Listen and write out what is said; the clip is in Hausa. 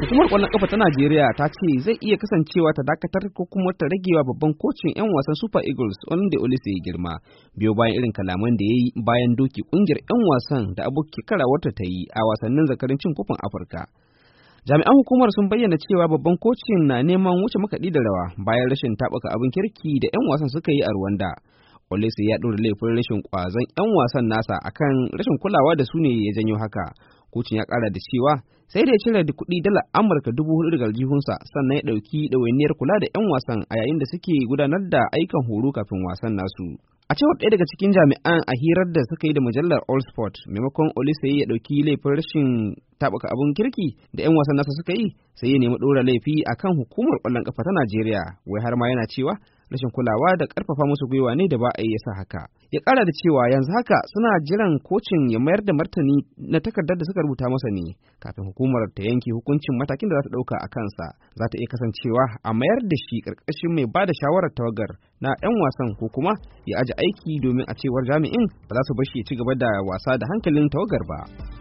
Hukumar kwallon kafa ta Najeriya ta ce zai iya kasancewa ta dakatar ko kuma ta ragewa babban kocin 'yan wasan Super Eagles wanda Olise ya girma biyo bayan irin kalaman da ya yi bayan doki kungiyar 'yan wasan da aboki karawarta ta yi a wasannin zakarin cin kofin Afirka. Jami'an hukumar sun bayyana cewa babban kocin na neman wuce makaɗi da rawa bayan rashin taɓaka abin kirki da 'yan wasan suka yi a Rwanda. Olise ya ɗora laifin rashin ƙwazon 'yan wasan nasa akan rashin kulawa da su ne ya janyo haka. kocin ya ƙara da cewa sai da ya cire da kuɗi dala amurka dubu hudu daga aljihunsa sannan ya ɗauki ɗawainiyar kula da 'yan wasan a yayin da suke gudanar da aikan horo kafin wasan nasu a cewar ɗaya daga cikin jami'an a hirar da suka yi da mujallar all sport maimakon olise ya ɗauki laifin rashin taɓuka abun kirki da 'yan wasan nasa suka yi sai ya nemi ɗora laifi akan hukumar ƙwallon ƙafa ta najeriya wai har ma yana cewa rashin kulawa da karfafa musu gwiwa ne da ba a yi sa haka ya kara da cewa yanzu haka suna jiran kocin ya mayar da martani na takardar da suka rubuta masa ne kafin hukumar ta yanke hukuncin matakin da za ta ɗauka a kansa za ta iya kasancewa a mayar da shi karkashin mai ba da shawarar tawagar na 'yan wasan ko kuma ya aji aiki domin a cewar jami'in ba za su bar shi ya ci gaba da wasa da hankalin tawagar ba.